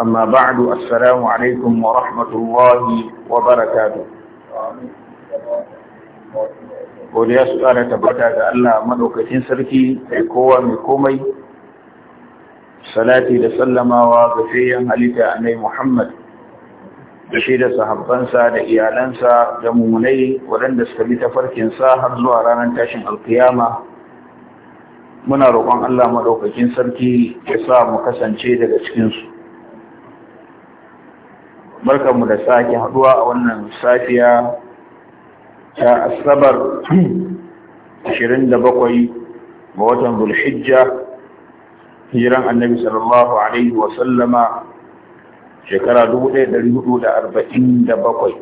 أما بعد السلام عليكم ورحمة الله وبركاته godiya su ƙara tabbata ga Allah maɗaukacin sarki mai kowa mai komai salati da sallamawa ga fayyan halitta annai Muhammad da shi da sahabbansa da iyalansa da mummunai waɗanda suka bi tafarkinsa har zuwa ranar tashin alkiyama muna roƙon Allah maɗaukacin sarki ya sa mu kasance daga cikinsu barkanmu da sake haduwa a wannan safiya ta asabar 27 ga watan zulhijja hijiran annabi sallallahu alaihi wa sallama shekara 1447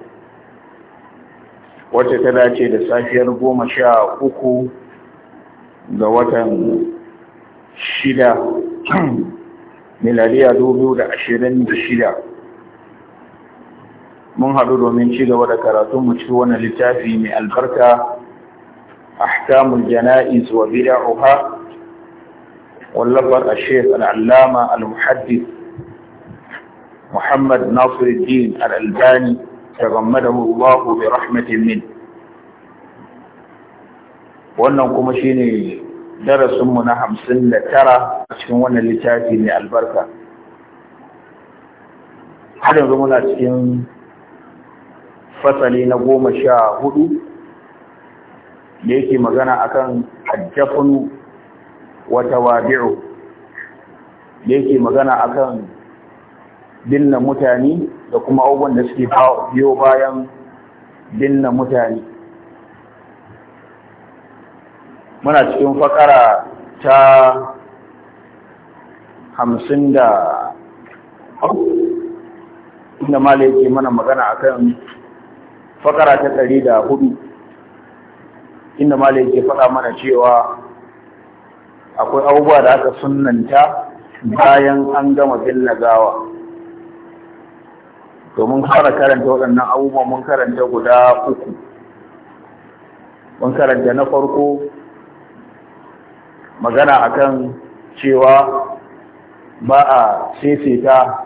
wacce ta dace da safiyar 13 ga watan shida miladiya 2026 mun haɗu domin ci gaba da karatun mu ci wannan littafi mai albarka ahkamul jana'iz wa bid'aha wallafar ash-shaykh al-allama al-muhaddith Muhammad Nasiruddin al-Albani tagammadahu Allah bi rahmatin min wannan kuma shine darasin mu na 59 a cikin wannan littafi mai albarka har yanzu muna cikin fasali na goma sha hudu da yake magana akan addafinu wata tawabi'u da yake magana akan binne mutane da kuma abubuwan da suke biyo bayan binne mutane muna cikin fakara ta hamsin da inda malaye yake mana magana akan fakara ta ɗari da hudu inda mala yake faɗa mana cewa akwai abubuwa da aka sunanta bayan an gama binne gawa to mun fara karanta waɗannan abubuwa mun karanta guda uku mun karanta na farko magana akan cewa ba a sefeta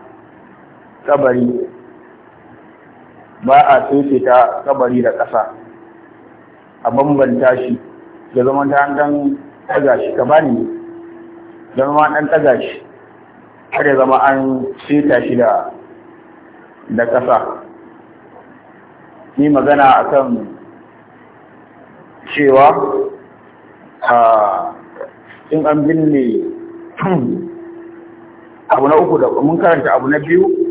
kabari ba a tsoke ta kabari da ƙasa a bambanta shi da zama ta ɗan ɗaga shi ka bani da zama ɗan ɗaga shi har ya zama an seta shi da da ƙasa ni magana akan cewa a in an binne abu na uku da mun karanta abu na biyu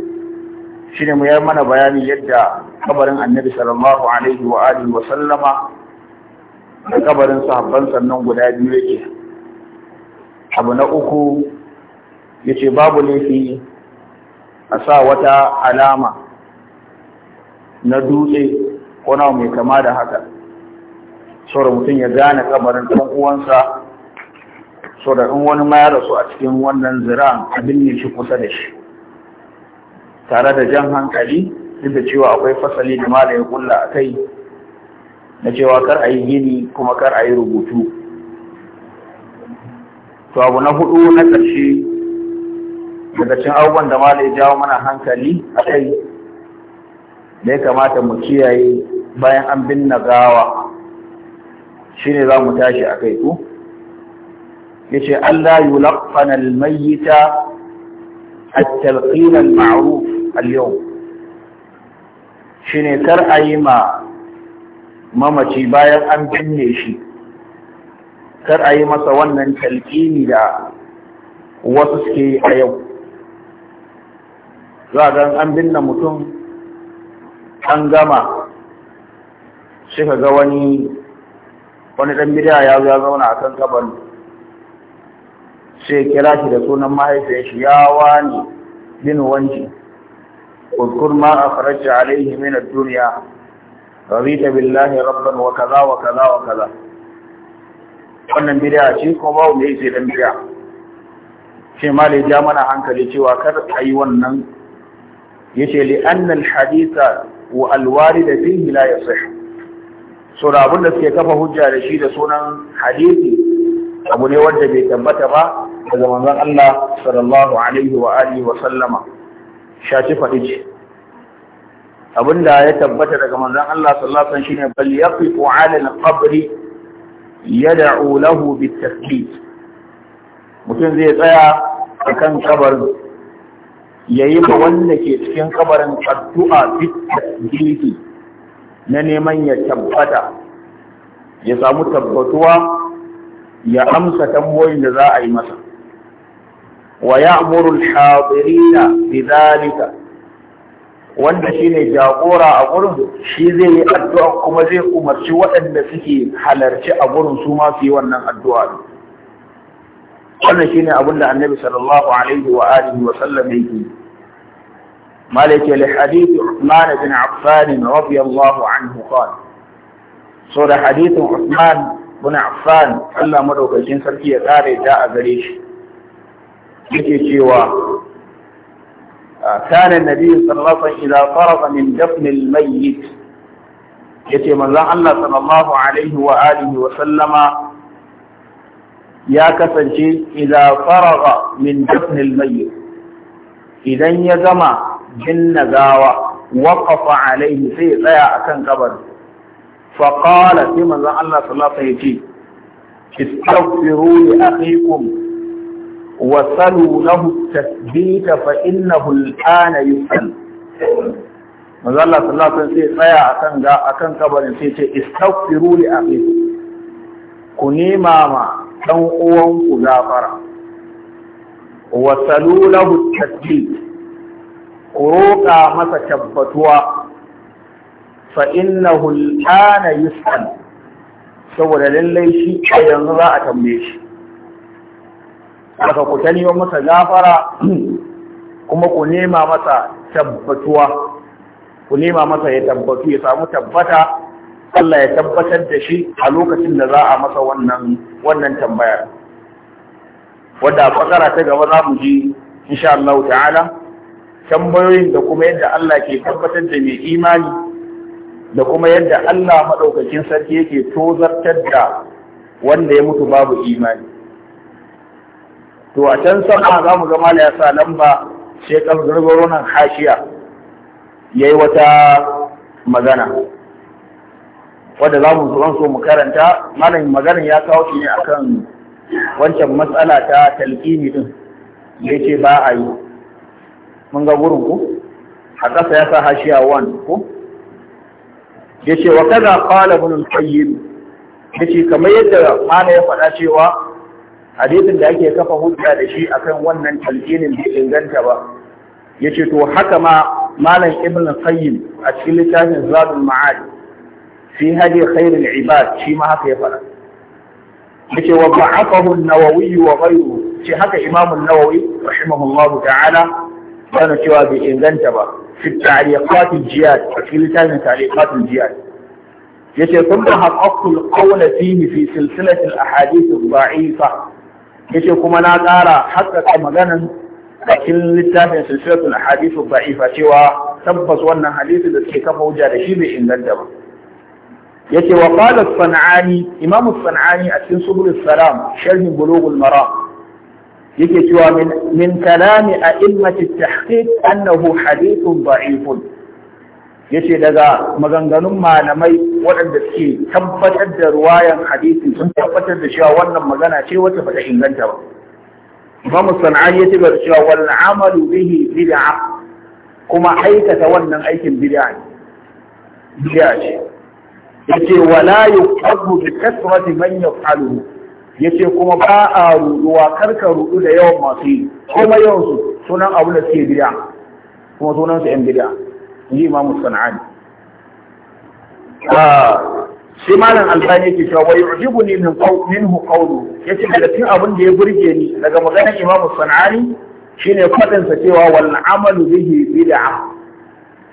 shine mu yi mana bayani yadda kabarin annabi sallallahu alaihi wa alihi wa sallama da kabarin sahabban sannan guda biyu yake abu na uku yace babu laifi a sa wata alama na dutse ko na mai kama da haka saboda mutum ya gane kabarin ɗan uwansa saboda in wani ma ya rasu a cikin wannan zira abin ne shi kusa da shi tare da jan hankali duk da cewa akwai fasali da da ya kulla a kai na cewa kar a yi gini kuma kar a yi rubutu to abu na hudu na ƙarshe daga cin abubuwan da mala ya jawo mana hankali a kai da ya kamata mu kiyaye bayan an binne gawa Shi ne za mu tashi a kai ku Ya yace Allah yulaqqana laƙfanar mayyita التلقين المعروف اليوم shine kar a yi ma mamaci bayan an binne shi kar a yi masa wannan talqini da wasu suke yi a yau za ga an binne mutum an gama shi ka ga wani wani dan bida ya zo ya zauna a kan kabarin sai kira shi da sunan mahaifiyar shi ya wani bin wanci a اذكر ما أخرج عليه من rabban wa kaza wa kaza wa kaza. wannan bid'a ce ko babu mai sai dan bid'a ce malai ja mana hankali cewa kar a yi wannan yace li anna hadisa haditha wa da fi hila ya yasih so da abin da suke kafa hujja da shi da sunan hadisi abu ne wanda bai tabbata ba daga manzon Allah sallallahu alaihi wa alihi wa sallama shaci faɗi ce abinda ya tabbata daga manzon Allah sallallahu alaihi shine bal yaqifu ala al-qabr yad'u lahu bit-tasbih mutum zai tsaya akan kabarin yi ma wanda ke cikin kabarin addu'a bit-tasbih na neman ya tabbata ya samu tabbatuwa ya amsa tambayoyin da za a yi masa ويأمر الحاضرين بذلك wanda shine jagora a gurin shi zai yi addu'a kuma zai umarci waɗanda suke halarci a gurin su ma su yi wannan addu'a wannan shine abin da annabi sallallahu alaihi wa alihi wa sallam yake malike li hadith Uthman bin Affan radiyallahu anhu qala so da hadithin Uthman bin Affan Allah madaukakin sarki ya kare da a gare shi yake cewa كان النبي صلى الله عليه وسلم إذا فرغ من دفن الميت yace manzon Allah sallallahu alaihi wa alihi wa sallama ya kasance idza faragha min dafn al-mayyit idan ya gama jinna gawa waqafa alaihi sai tsaya akan kabar fa qala sai manzon Allah sallallahu alaihi wa alihi istaghfiru li akhikum wasalu lahu tasbita fa innahu al'ana yusal manzo Allah sallallahu alaihi wasallam sai tsaya akan ga akan kabarin sai ce istaghfiru li akhikum ku nema ma dan uwan ku gafara wasalu lahu tasbit ku roƙa masa tabbatuwa fa innahu al'ana yusal saboda lallai shi a yanzu za a tambaye shi aka ku ta neman masa gafara kuma ku nema masa tabbatuwa ku nema masa ya tabbatu ya samu tabbata Allah ya tabbatar da shi a lokacin da za a masa wannan wannan tambayar wadda a fakara ta gaba za mu ji insha Allah ta'ala tambayoyin da kuma yadda Allah ke tabbatar da mai imani da kuma yadda Allah maɗaukakin sarki yake tozartar da wanda ya mutu babu imani to a can sama za mu gama mala ya sa lamba sai kan gurguro nan hashiya yayi wata magana wanda za mu zo so mu karanta malam maganar ya kawo shi ne akan wancan matsala ta talqini din da ce ba a yi mun ga gurin ku a ƙasa ya sa hashiya wan ku yace wa kaza qala ibn al-qayyim yace kamar yadda mana ya faɗa cewa hadisin da ake kafa hujja da shi akan wannan talqinin bai inganta ba yace to haka ma malam ibn qayyim a cikin littafin zadul ma'ad fi hadi khairul ibad shi ma haka ya fara yace wa ba'athahu an-nawawi wa ghayruhu shi haka imam an-nawawi rahimahullahu ta'ala yana cewa bai inganta ba fi tariqat al-jihad a cikin littafin tariqat al-jihad yace kun da haqqul qawla fihi fi silsilati al-ahadith ad-da'ifa yace kuma na ƙara haƙƙaƙa maganan cikin littafin silsilatul hadithu da'ifa cewa tabbas wannan hadisi da suke kafa hujja da shi bai inganta ba yace wa qala sanani imam sanani a cikin subul salam sharhin bulughul maram yake cewa min min kalami a'immati tahqiq annahu hadithun da'ifun yace daga maganganun malamai waɗanda suke tabbatar da ruwayan hadisi sun tabbatar da cewa wannan magana ce wata bata inganta ba Imam Sana'ani ya tabbata cewa wal amalu bihi bid'a kuma aikata wannan aikin bid'a ne bid'a ce yace wala yuqadu bi kasrati man yaf'aluhu yace kuma ba a ruduwa karka rudu da yawan masu yi kuma yawan su sunan abu da suke bid'a kuma sunan su yan bid'a ji imamu sana'ani ah, sai malam albani yake cewa wa yu'jibu ni min minhu qawlu yace da cikin abin da ya burge ni daga maganar imamu sana'ani shine fadin sa cewa wal amalu bihi bid'a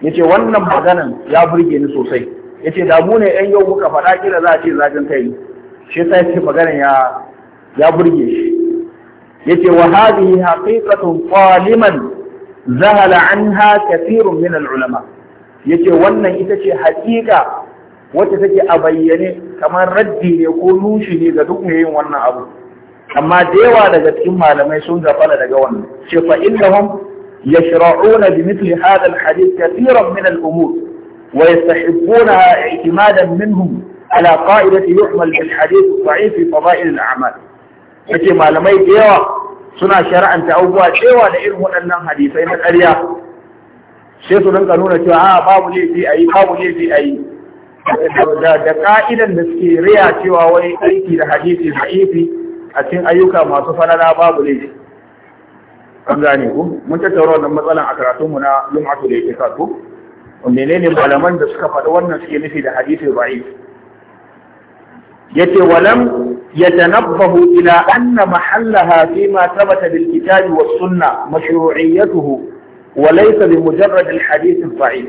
yace wannan maganan ya burge ni sosai yace da mu ne ɗan yau muka faɗa kila za a ce zagin kai shi sai yace maganan ya ya burge shi yace wa hadhihi haqiqatun qaliman zahala anha kathirun min al-ulama yace wannan ita ce haƙiƙa wacce take a bayyane kamar raddi ne ko nushi ne ga duk mai yin wannan abu amma da yawa daga cikin malamai sun gafala daga wannan ce fa innahum yashra'una bi mithli hadha al-hadith kathiran min al-umur wa yastahibbunaha i'timadan minhum ala qa'idati yuhmal bil hadith da'if fi fada'il al-a'mal yace malamai da yawa suna shari'anta abubuwa cewa da irin waɗannan hadisai na ƙarya sai su rinka nuna cewa a babu laifi a yi babu laifi a yi da ka'idan da suke riya cewa wai aiki da hadisi ha'ifi a cikin ayyuka masu falala babu laifi an gane ku mun tattauna wannan matsalan a karatunmu na lum'atul iqtisad ku menene malaman da suka faɗi wannan suke nufi da hadisi ba'i yace walam يتنبه إلى أن محلها فيما ثبت بالكتاب والسنة مشروعيته وليس بمجرد الحديث الضعيف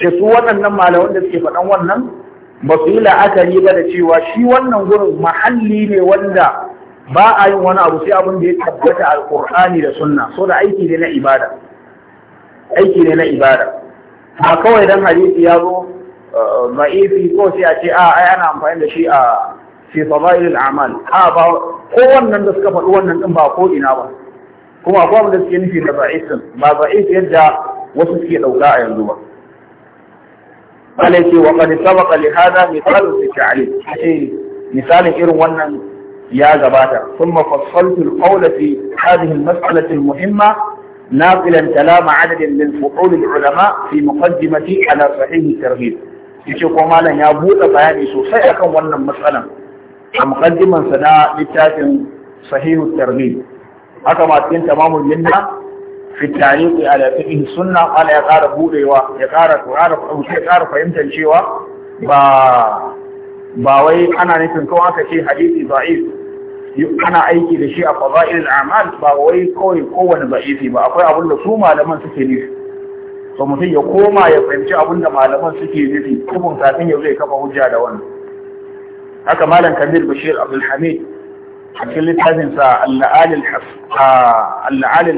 su waɗannan malaman da suke faɗan wannan ba su la'akari ba da cewa shi wannan gurin mahalli ne wanda ba a yin wani abu sai abin ya tabbata alƙur'ani da sunna so da aiki ne na ibada aiki ne na ibada ba kawai dan hadisi ya zo ma'ifi eh, ko sai a ce a ah, ai ana amfani da shi a fi fadailil a'mal ha ba ko wannan da suka faɗi wannan din ba ko ina ba kuma akwai abin da suke nufi da za'isin ba za'is yadda wasu suke ɗauka a yanzu ba alaiki wa qad sabaqa li hadha mithalu fi ta'lil misalin irin wannan ya gabata thumma fassaltu al-qawla fi hadhihi al-mas'alati al-muhimma ناقلا كلام عدد من فحول العلماء في مقدمتي على صحيح الترغيب yace kuma malam ya buɗe bayani sosai akan wannan matsalan a muqaddimansa na littafin sahihu targhib haka ma cikin tamamul minna fi tariq ala fiqh sunna qala ya ƙara budewa ya ƙara ƙara ya ƙara fahimtar cewa ba ba wai ana nufin kawai aka ce hadisi da'if ana aiki da shi a fada'il al'amal ba wai kawai kowane ba'ifi ba akwai abin da su malaman suke nufi so mutum ya koma ya fahimci abin da malaman suke nufi tukun kafin ya zai kafa hujja da wannan haka malam Kabir bashir abdulhamid a cikin littafinsa al'alil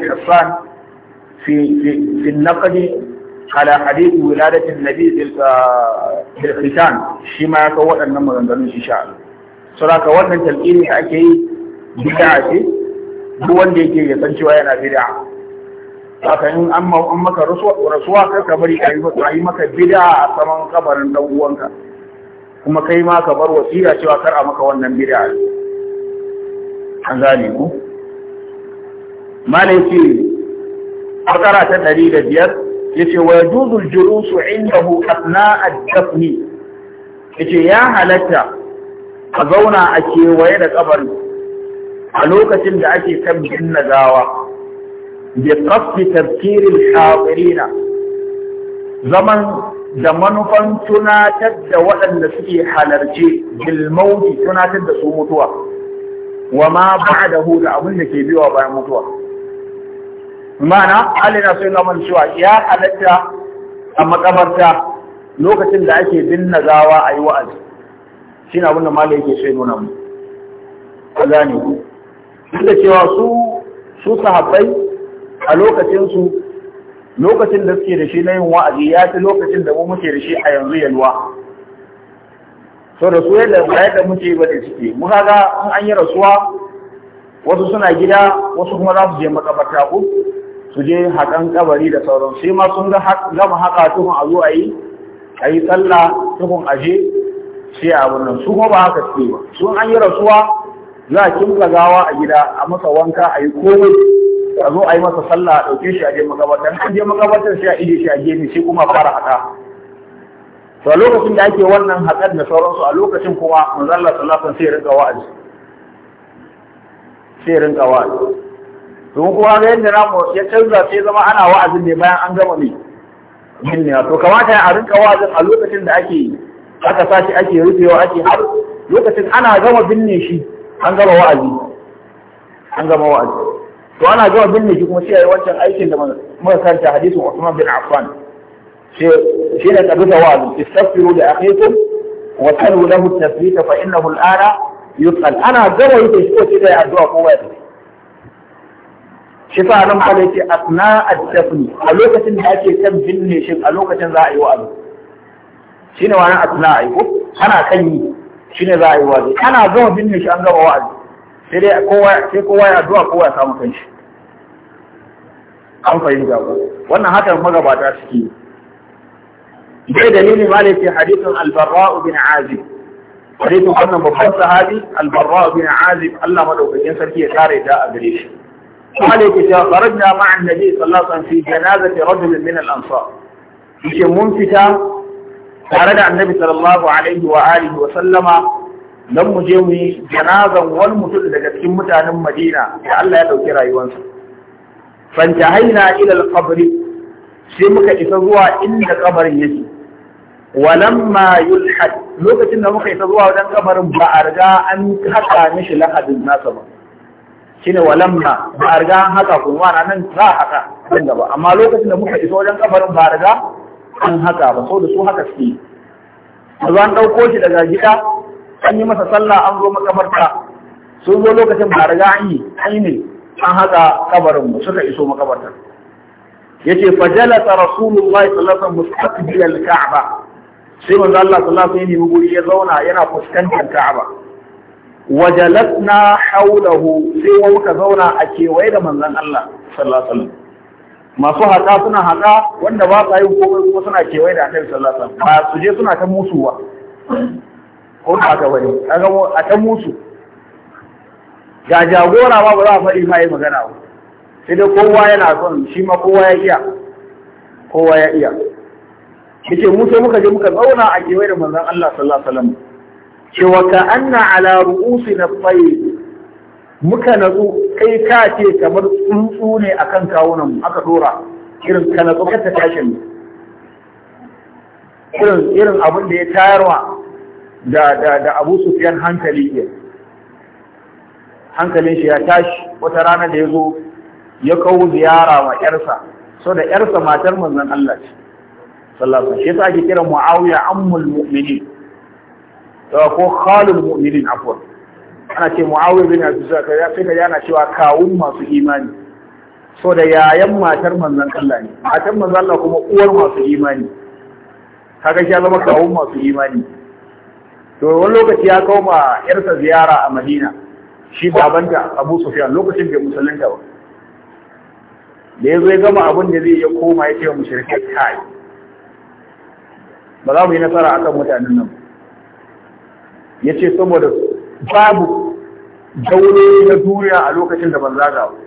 hassan fi naƙadi ala hadithu wiladatin nabi bil khitan shi ma yaka waɗannan maganganun ka wannan talqini da ake yi bid'a ce duk wanda yake ya san cewa yana bid'a haka in an maka rasuwa kai kamar ka yi maka bid'a a saman kabarin dan uwanka kuma kai ma ka bar wasiya cewa kar a maka wannan bid'a an gane ku malai ce fakara ta ɗari da biyar ce wa yajuzu al-julusu indahu asna ad-dafni yace ya halatta a zauna a kewaye da kabari a lokacin da ake kan binne gawa bi qasdi tafkiril hadirina zaman da manufan tunatar da waɗanda suke halarce bilmauti tunatar da su mutuwa wa ma ba'dahu da abin da ke biyowa bayan mutuwa mana Allah na so yana mana cewa ya halatta a makabarta lokacin da ake binne gawa a yi wa'azi shine abin da malai yake so nuna mu ku duk da cewa su su sahabbai a lokacinsu. lokacin da suke da shi na yin wa'azi ya fi lokacin da mu muke da shi a yanzu yalwa so da su yadda yadda muke ba da ciki. mu kaga in an yi rasuwa wasu suna gida wasu kuma za su je makabarta ku su je haƙan kabari da sauran sai ma sun gama haƙa tukun a zo a yi a yi tsalla tukun aje sai a wannan su kuma ba haka suke ba sun an yi rasuwa za a kimka gawa a gida a masa wanka a yi komai a zo a yi masa sallah a ɗauke shi a je makabarta in je makabartar sai a ije shi a gefe shi kuma fara haka to a lokacin da ake wannan haƙar da sauransu a lokacin kuma manzo Allah sallallahu alaihi sai rinka wa'azi sai rinka wa'azi to kuma ga yadda namu ya canza sai zama ana wa'azin ne bayan an gama mai minniya to kamata a rinka wa'azin a lokacin da ake aka sashi ake rufewa ake har lokacin ana gama binne shi an gama wa'azi an gama wa'azi to ana gama binne shi kuma sai wancan aikin da muka karanta hadisin Uthman bin Affan sai shi ne kabi tawazu istaghfiru li akhikum wa talu lahu at-tasbita fa innahu al-ana yuqal ana gama yake shi ko sai da addu'a ko wai shi fa nan bale ce asna ad-dafn a lokacin da ake kan binne shi a lokacin za a yi wa'azi shine wani asna ai ko ana kan yi shine za a yi wa'azi ana gama binne shi an gama wa'azi sai dai kowa sai kowa ya addu'a kowa ya samu kanshi an fahimta ko wannan hakan magabata suke dai dalilin ma ne hadithun al-barra bin azib hadithun wannan babban sahabi al-barra bin azib Allah madaukakin sarki ya kare ta a gare shi قال كتاب خرجنا مع النبي صلى الله عليه وسلم في جنازة رجل من الأنصار mun fita tare da annabi sallallahu alaihi wa alihi wa sallama don mu je mu yi janazan wani mutum daga cikin mutanen Madina da Allah ya ɗauki rayuwarsa. Fanta haina ilal kabari sai muka isa zuwa inda kabarin yake. Walamma yulhad lokacin da muka isa zuwa wajen kabarin ba a riga an haka mishi lahadin nasa ba. Shi ne walamma ba a riga an haka kuma na nan za a haka nan gaba amma lokacin da muka isa wajen kabarin ba a riga an haka ba saboda su haka suke. Zuwa an ɗauko shi daga gida an yi masa sallah an zo makabarta sun zo lokacin ba riga an yi an ne an haka kabarin mu suka iso makabarta yace fajalasa rasulullahi sallallahu alaihi wasallam mustaqbil al-ka'ba sai manzo Allah sallallahu alaihi wasallam guri ya zauna yana fuskantar ka'aba wajalasna haulahu sai wa muka zauna a kewaye da manzon Allah sallallahu alaihi wasallam masu haka suna haka, wanda ba sa yin komai kuma suna kewaye da annabi sallallahu alaihi wasallam ba su je suna ta musuwa ko ba ka bane a ta musu ga jagora ma ba za a faɗi ma yi magana ba sai dai kowa yana son shi ma kowa ya iya kowa ya iya yace mu sai muka je muka zauna a kewaye da manzon Allah sallallahu alaihi wasallam cewa ka anna ala ru'usina tayy muka natsu kai ka ce kamar tsuntsu ne akan kawunan aka dora irin ka natsu ka tashin irin irin abin da ya tayarwa da da da Abu Sufyan hankali ya hankalin shi ya tashi wata rana da yazo ya kawo ziyara wa yarsa so da yarsa matar manzon Allah ce sallallahu alaihi wasallam shi yasa ake kira Muawiya ammul mu'minin ko khalul mu'minin afwa ana ce Muawiya bin Abi Sufyan ya fita yana cewa kawun masu imani so da yayan matar manzon Allah ne matar manzon Allah kuma uwar masu imani kaga shi ya zama kawun masu imani to wani lokaci ya koma yarsa ziyara a madina shi babanta abu Sufiya lokacin bai musulunta ba da ya zo gama abin da zai iya koma ya ce wa kai ba za mu yi nasara a kan mutanen nan ya ce saboda babu daure na duniya a lokacin da ban zaga ba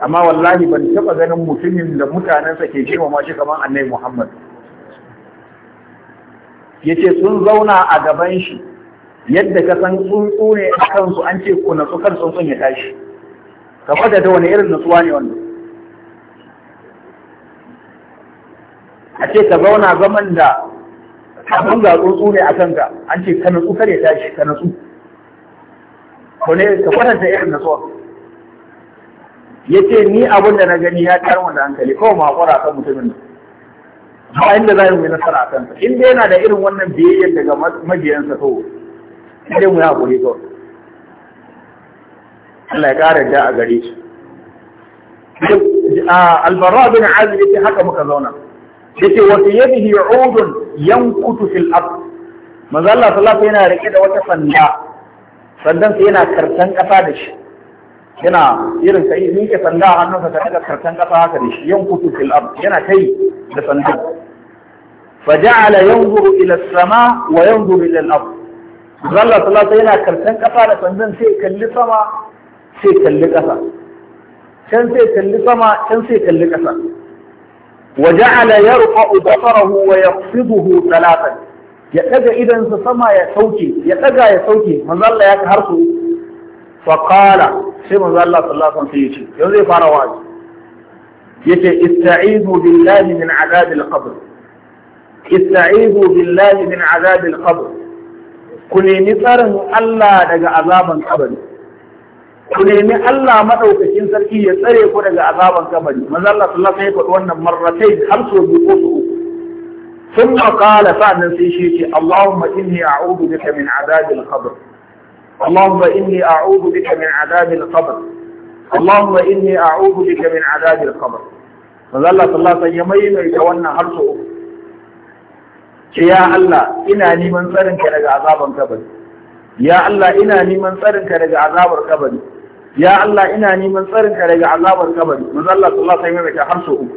amma wallahi ban taɓa ganin mutumin da mutanensa ke girmama shi kamar annabi muhammad yace sun zauna a gaban shi yadda ka san tsuntsu ne a kansu an ce ku na tsukar tsuntsun ya tashi ka fada da wani irin nutsuwa ne wannan a ce ka zauna zaman da abin ga tsuntsu ne a kanka an ce ka nutsu kar ya tashi ka nutsu ko ne ka da irin Ya yace ni abin da na gani ya tarwa da hankali kawai makura kan mutumin nan ba inda za mu yi nasara a kansa in dai yana da irin wannan biyayyar daga mabiyansa to sai mu yi hakuri to Allah ya ƙara da a gare shi albarra bin azib yake haka muka zauna yace wa yadihi udun yankutu fil ab manzo Allah sallallahu alaihi yana rike da wata sanda sandan sai yana kartan kasa da shi yana irin sai miƙe sanda a hannunsa ta daga karkan ƙasa haka da shi yan kutu fil ard yana kai da sanda fa ja'ala yanzuru ila as-sama wa yanzuru ila al-ard Allah sallallahu alaihi yana karkan ƙasa da sandan sai kalli sama sai kalli ƙasa can sai kalli sama can sai kalli ƙasa wa ja'ala yarfa'u basarahu wa yaqfiduhu thalathan ya daga idan sama ya sauke ya daga ya sauke manzo Allah ya har su faƙala sai manzo Allah sallallahu alaihi wasallam sai ya ce zai fara wa'azi yace ista'idu billahi min azabil qabr billahi min azabil qabr ku nemi tsarin Allah daga azaban kabari ku nemi Allah madaukakin sarki ya tsare ku daga azaban kabari manzo Allah sallallahu alaihi wasallam ya faɗi wannan marratai har sau biyu ko uku ثم قال فأنا سيشيتي اللهم إني أعوذ بك من عذاب القبر اللهم إني أعوذ بك من عذاب القبر اللهم إني أعوذ بك من عذاب القبر فظل صلى الله عليه وسلم يتوانا هرسه يا الله إنا نيمن سرنك لك عذاب القبر يا الله إنا نيمن سرنك لك عذاب القبر ya Allah ina neman tsarinka daga azabar kabari manzo Allah sallallahu alaihi wasallam ya harso uku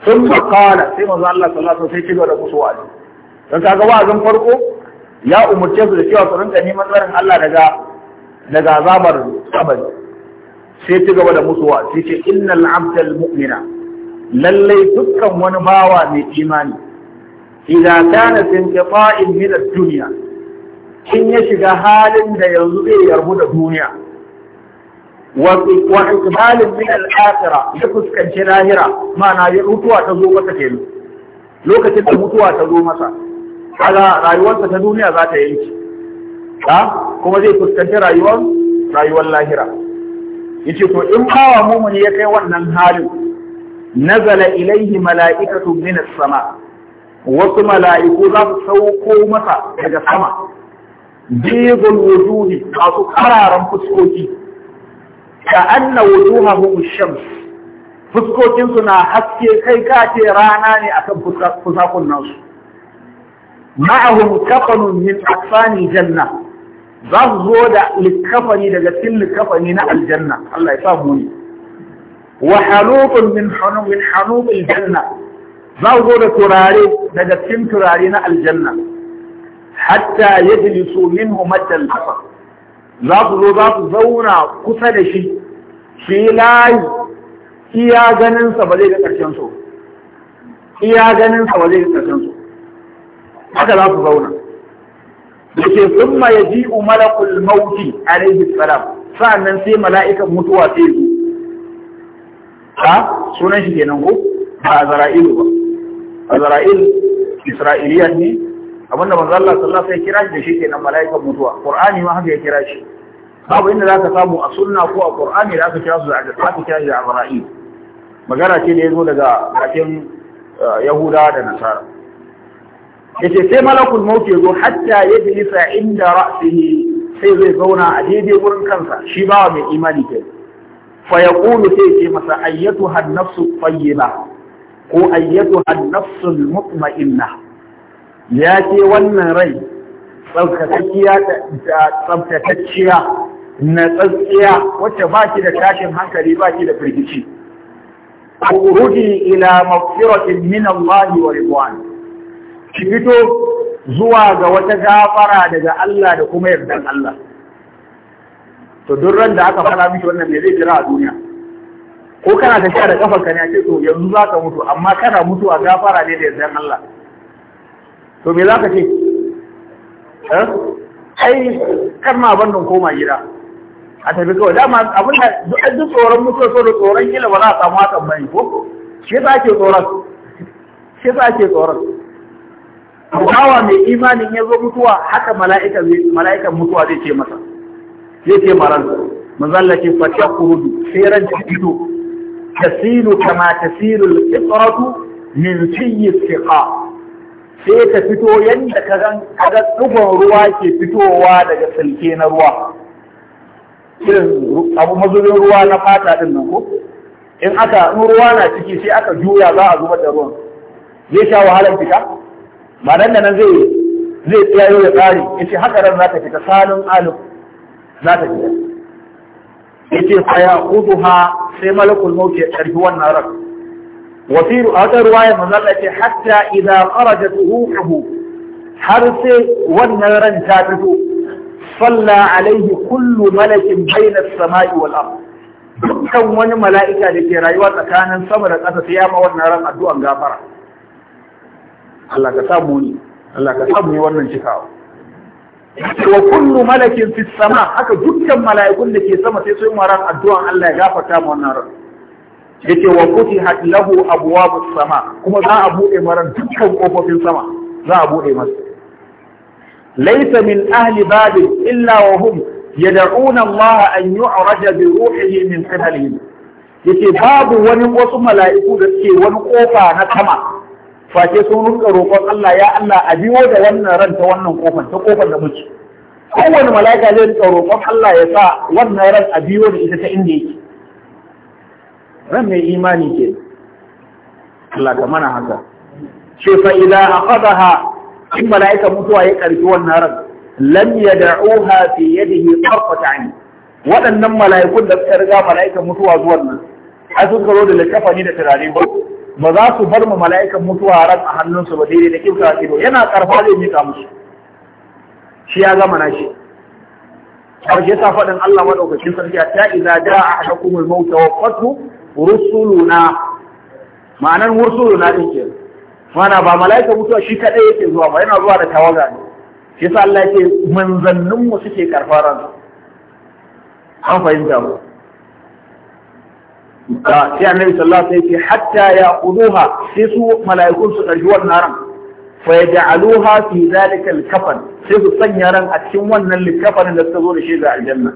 sun qala sai manzo Allah sallallahu alaihi wasallam sai kiga da kusuwa dan wa'azin farko ya umurce su da cewa su rinka neman tsarin Allah daga daga azabar kabari sai ci gaba da mutuwa, sai ce innal abdal mu'mina lallai dukkan wani bawa mai imani idan kana sin qata'in min ad-dunya in ya shiga halin da yanzu zai yarbu da duniya wa ikbalin min al-akhirah ya fuskanci lahira ma'ana ya mutuwa ta zo masa kenan lokacin da mutuwa ta zo masa kaga rayuwarsa ta duniya za ta yanki kuma zai fuskanci rayuwar rayuwar lahira yace to in bawa mumuni ya kai wannan halin nazala ilaihi mala'ikatu min as-sama wasu mala'iku za su sauko masa daga sama bidul wujuhi masu kararan fuskoki ka anna wujuhahum shams fuskokinsu na haske kai kace rana ne akan fusakunan su ma'ahum kafanun min asfani janna za su zo da likafani daga cikin likafani na aljanna Allah ya sa buri wa halufun min hanum min janna. za su zo da turare daga cikin turare na aljanna hatta ya yajlisu min matal basar za su zo za su zauna kusa da shi shi layi iya ganinsa ba zai ga ƙarshen so iya ganinsa ba zai ga ƙarshen so haka za su zauna sun yake summa yaji'u malakul mauti alaihi salam sa'annan sai mala'ikan mutuwa sai zo ha sunan shi kenan ko ba a zara’ilu ba A zara’il Isra'iliya ne abinda manzo Allah sallallahu alaihi kira shi da shi kenan mala'ikan mutuwa Kur'ani ma haka ya kira shi babu inda za ka samu a sunna ko a Kur'ani da aka kira su da aka kira shi da zara’il magana ce da ya zo daga bakin eh, yahuda da nasara yace sai malakul maut ya zo hatta yajlisa inda ra'sihi sai zai zauna a daidai wurin kansa shi bawa mai imani ke fa yaqulu sai ce masa ayyatu an tayyiba ko ayyatu an-nafsu al-mutma'inna ya ce wannan rai tsabtatacciya na tsatsiya wacce ba ki da tashin hankali ba ki da firgici. Kuruji ila mafiratin min Allah wa ridwan ki fito zuwa ga wata gafara daga Allah da kuma yardan Allah to duk ran da aka fara miki wannan me zai jira a duniya ko kana tafiya da kafar ka ne ake to yanzu za ka mutu amma kana mutu a gafara ne da yardan Allah to me za ka ce eh ai ma bandon koma gida a tafi kawai dama abin da duk duk tsoron mutuwa so da tsoron kila ba za a samu hakan bane ko shi za ke tsoron shi za ke tsoron bawa mai imanin ya zo mutuwa haka mala'ika mala'ikan mutuwa zai ce masa zai ce maran manzalla ce fata kurudu sai ran ta fito tasiru kama tasiru al-fitratu min sayyi siqa sai ta fito yanda ka gan kaga tsugon ruwa ke fitowa daga silke na ruwa irin abu mazubin ruwa na fata din nan ko in aka in ruwa na ciki sai aka juya za a zubar da ruwan zai sha wahalar fita ba nan da nan zai zai tsayo ya tsari ce haka ran za ta fita salin alif za ta fita ce fa yaquduha sai malakul maut ya tsarki wannan ran wa fi wata ruwaya manzala ce hatta idza kharajat ruhuhu har sai wannan ran ta fito salla alaihi kullu malakin baina as-sama'i wal dukkan wani mala'ika da ke rayuwa tsakanin sama da ƙasa sai ya ma wannan ran addu'an gafara Allah ka samu ni Allah ka samu ni wannan cikawa wa kullu malakin fis sama haka dukkan mala'ikun da ke sama sai sun maran addu'an Allah ya gafarta mu wannan ran yace wa futihat lahu abwabus sama kuma za a bude maran dukkan kofofin sama za a bude masa laysa min ahli babin illa wa hum yad'una Allah an yu'raja bi ruhihi min qibalihim yace babu wani wasu mala'iku da suke wani kofa na sama face sun rinka roƙon Allah ya Allah a biyo da wannan ran ta wannan kofar ta kofar da muke kowane mala'ika zai rinka roƙon Allah ya sa wannan ran a biyo da ita ta inda yake ran mai imani ke Allah ka mana haka ce fa idan aqadaha in mala'ika mutuwa ya karfi wannan ran lam yad'uha fi yadihi tarfat 'ayn waɗannan mala'ikun da suka riga mala'ikan mutuwa zuwan nan ai sun karo da littafa da turare ba ba za su bar mu mala'ikan mutuwa ran a hannunsu ba daidai da kimsa ido yana karfa zai mika musu shi ya gama nashi karshe sa faɗin Allah madaukakin sarki ta a jaa ahadukumul maut wa fatu rusuluna ma'anar rusuluna din ke mana ba mala'ikan mutuwa shi kadai yake zuwa ba yana zuwa da tawaga ne shi sa Allah yake manzannin mu suke karfaran an fahimta mu sai annabi sallallahu alaihi wasallam hatta ya quduha sai su mala'ikun su ɗauki wannan ran fa yaj'aluha fi zalika al-kafan sai su sanya ran a cikin wannan likafanin da suka zo da shi ga aljanna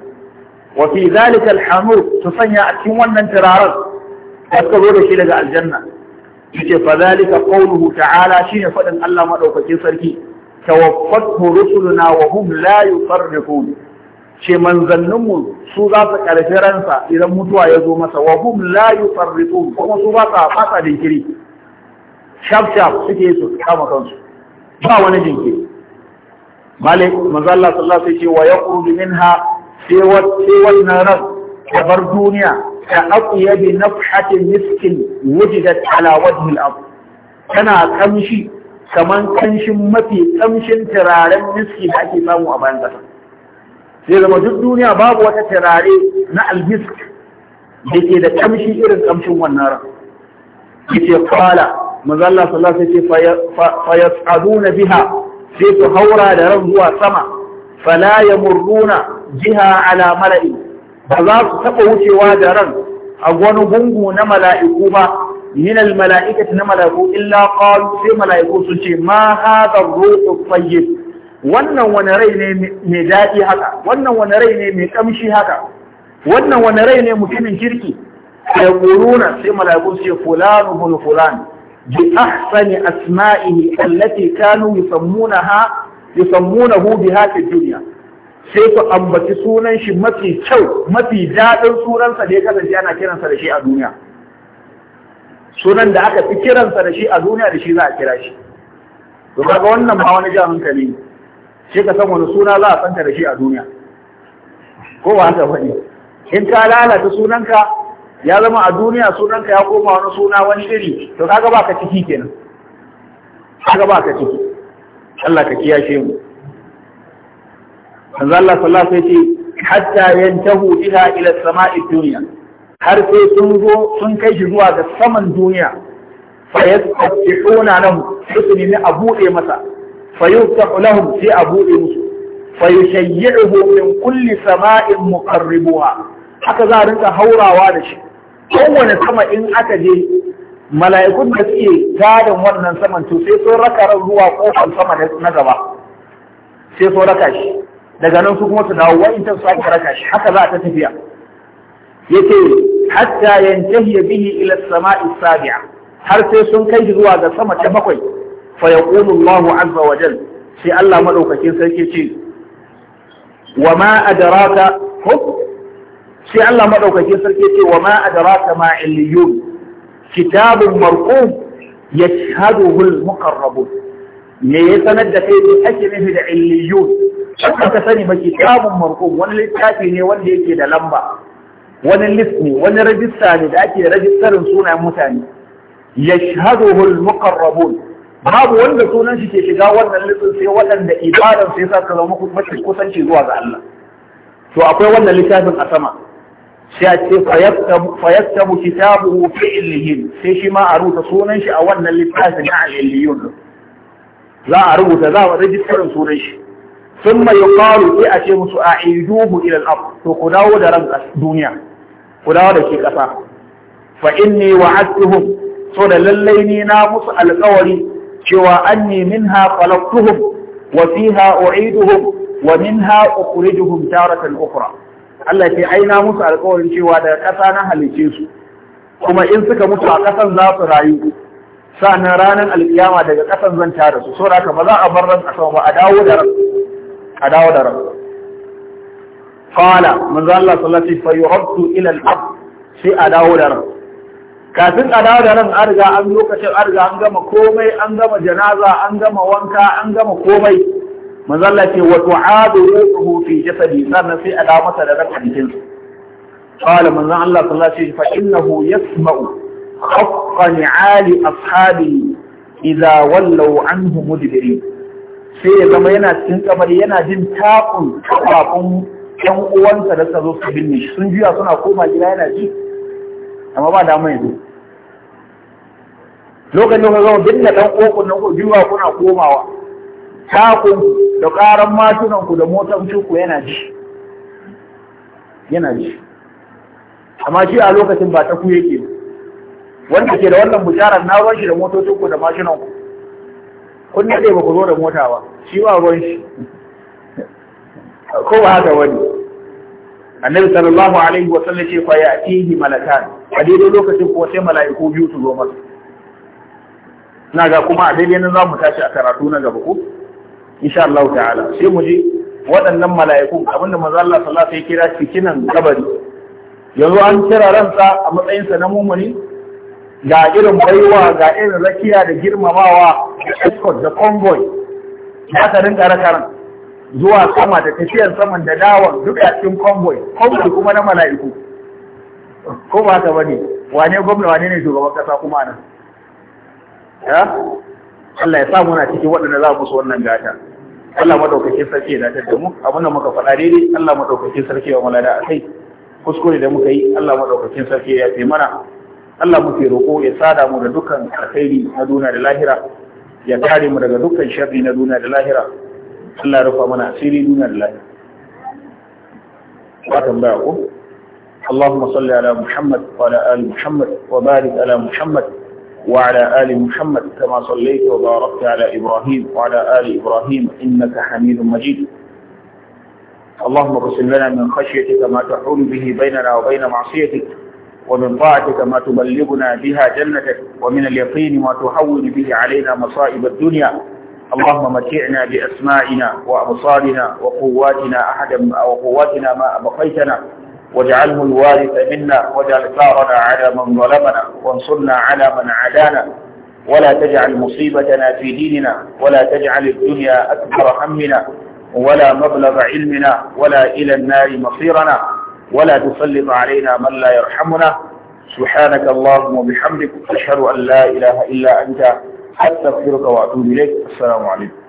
wa fi zalika al-hamur su sanya a cikin wannan turaren da suka zo da shi daga aljanna yace fa zalika qawluhu ta'ala shine fadin Allah madaukakin sarki tawaffathu rusuluna wa hum la yufarriqun ce manzanninmu su za su ƙarfi ransa idan mutuwa ya zo masa wa hum la yufarritu kuma su ba sa fasa jinkiri shaf shaf suke su kama kansu ba wani jinkiri malik manzo Allah sallallahu alaihi wasallam wa yakhruju minha sai wannan ran ta bar duniya ka aqiya bi nafhatin miskin wujidat ala wajhi al-ard kana kamshi kaman kanshin mafi kamshin turaren miski da ake samu a bayan ƙasa sai zama duk duniya babu wata turare na albisk da ke da kamshi irin kamshin wannan ran yace fala manzo sallallahu alaihi wasallam fa yas'aduna biha sai su haura da ran zuwa sama fala yamurruna jiha ala mala'i ba za su taba wucewa da ran a wani gungu na mala'iku ba min al mala'ikati na mala'iku illa qalu sai mala'iku sun ce ma hadha ar-ruhu tayyib wannan wani rai ne mai daɗi haka wannan wani rai ne mai ƙamshi haka wannan wani rai ne mutumin kirki ya na, sai malaiku sai ce fulanu bin fulan bi ahsani asma'ihi allati kanu yusammunaha yusammunahu biha fi Duniya. sai ku ambaci sunan shi mafi kyau mafi daɗin sunansa da ya kasance ana kiransa da shi a duniya sunan da aka fi kiransa da shi a duniya da shi za a kira shi Duk wannan ma wani jan hankali ne shi ka san wani suna za a santa da shi a duniya ko ba haka faɗi. in ka lalata sunanka ya zama a duniya sunanka ya koma wani suna wani iri to kaga ka ciki kenan kaga ka ciki Allah ka kiyashe mu manzo Allah sallallahu alaihi wasallam ce hatta yantahu ila ila samai dunya har sai sun zo sun kai shi zuwa ga saman duniya fa ki kuna nan su nemi a buɗe masa فيفتح لهم في أبوء مصر فيشيعه من كل سماء مقربها haka za a rinka haurawa da shi kowane sama in aka je mala'ikun da suke wannan saman to sai sun raka ran zuwa kofar na gaba sai sun raka daga nan su kuma su dawo wa'intan su ake raka shi haka za a ta tafiya yace hatta yantahi bihi ila sama'i sabi'a har sai sun kai shi zuwa ga sama ta bakwai fa yaqulu Allahu azza wa sai Allah madaukakin sarki ce wa ma adraka ko sai Allah madaukakin sarki ce me ya sanar da kai ne ake nufi da illiyun ka sani ba kitabun marqum wani littafi ne wanda yake da lamba wani list ne wani rajista ne da ake rajistarin sunayen mutane yashhaduhu al babu wanda sunan shi ke shiga wannan litsin sai waɗanda ibadan sai sa ka zama mafi kusanci zuwa ga Allah to akwai wannan littafin a sama sai a ce fayaktabu kitabuhu fi illihin sai shi ma a rubuta sunan shi a wannan littafin na al za a rubuta za a rijistarin sunan shi sun mai yuqalu sai a ce musu a'iduhu ila al to ku dawo da ran duniya ku dawo da shi kasa fa inni wa'adtuhum so da lallai ni na musu alƙawari cewa anni minha khalaqtuhum wa fiha u'iduhum wa minha ukhrijuhum taratan ukhra Allah ce ai na musu alƙawarin cewa daga ƙasa na halice su kuma in suka mutu a ƙasan za su rayu sa'annan ranar alƙiyama daga ƙasan zan tare su saboda haka ba za a bar ran ƙasa ba a dawo da ran a dawo da ran qala manzo Allah sallallahu alaihi wasallam fa yuraddu ila al-ard sai a dawo da ran kafin a dawo da ran an riga an lokacin an riga an gama komai an gama janaza an gama wanka an gama komai manzalla ce wa tu'adu ruhu fi jasadi sannan sai a dawo masa da ran a jikin qala manzon Allah sallallahu alaihi wasallam fa innahu yasma'u khafqa ni'ali ashabi idza wallau anhu mudbirin sai ya zama yana cikin kamar yana jin takun kafafun yan uwansa da suka zo su binne sun juya suna koma gida yana ji amma ba da mai zo lokacin da kuka binne dan kokon nan ku jiwa kuna komawa takun da karan matunan ku da motan ku yana ji yana ji amma shi a lokacin ba ta ku yake wanda ke da wannan bisharar na ruwan shi da motocin ku da mashinan ku kun nade ba ku zo da mota ba shi ba ruwan shi ko ba haka wani annabi sallallahu alaihi wa sallam ce fa ya'tihi malakan a daidai lokacin ko sai mala'iku biyu su zo masa na ga kuma a daidai nan za mu tashi a karatu na gaba ko insha Allah ta'ala sai mu ji waɗannan mala'iku abinda manzo Allah sallallahu alaihi kira cikinan kabari yanzu an kira ransa a matsayin sa na mumuni ga irin baiwa ga irin rakiya da girmamawa da escort da convoy aka rinka raka ran zuwa sama da tafiyar saman da dawon duk a cikin convoy convoy kuma na mala'iku ko ba haka bane wane gwamna wane ne shugaban kasa kuma nan ya Allah ya sa muna cikin waɗanda za mu su wannan gata Allah maɗaukacin sarki ya dace da mu abinda muka faɗa daidai Allah maɗaukacin sarki ya malada a kai kuskure da muka yi Allah maɗaukacin sarki ya fi mana Allah muke roƙo ya sada mu da dukkan alkhairi na duniya da lahira ya kare mu daga dukkan sharri na duniya da lahira اللهم صل على محمد وعلى آل محمد وبارك على محمد وعلى آل محمد كما صليت وباركت على إبراهيم وعلى آل إبراهيم إنك حميد مجيد اللهم ارسل لنا من خشيتك ما تحول به بيننا وبين معصيتك ومن طاعتك ما تبلغنا بها جنتك ومن اليقين ما تحول به علينا مصائب الدنيا اللهم متعنا بأسمائنا وأبصارنا وقواتنا أحدا وقواتنا ما أبقيتنا واجعله الوارث منا واجعل ثارنا على من ظلمنا وانصرنا على من عادانا ولا تجعل مصيبتنا في ديننا ولا تجعل الدنيا أكبر همنا ولا مبلغ علمنا ولا إلى النار مصيرنا ولا تسلط علينا من لا يرحمنا سبحانك اللهم وبحمدك أشهد أن لا إله إلا أنت حتى أستغفرك وأتوب إليك السلام عليكم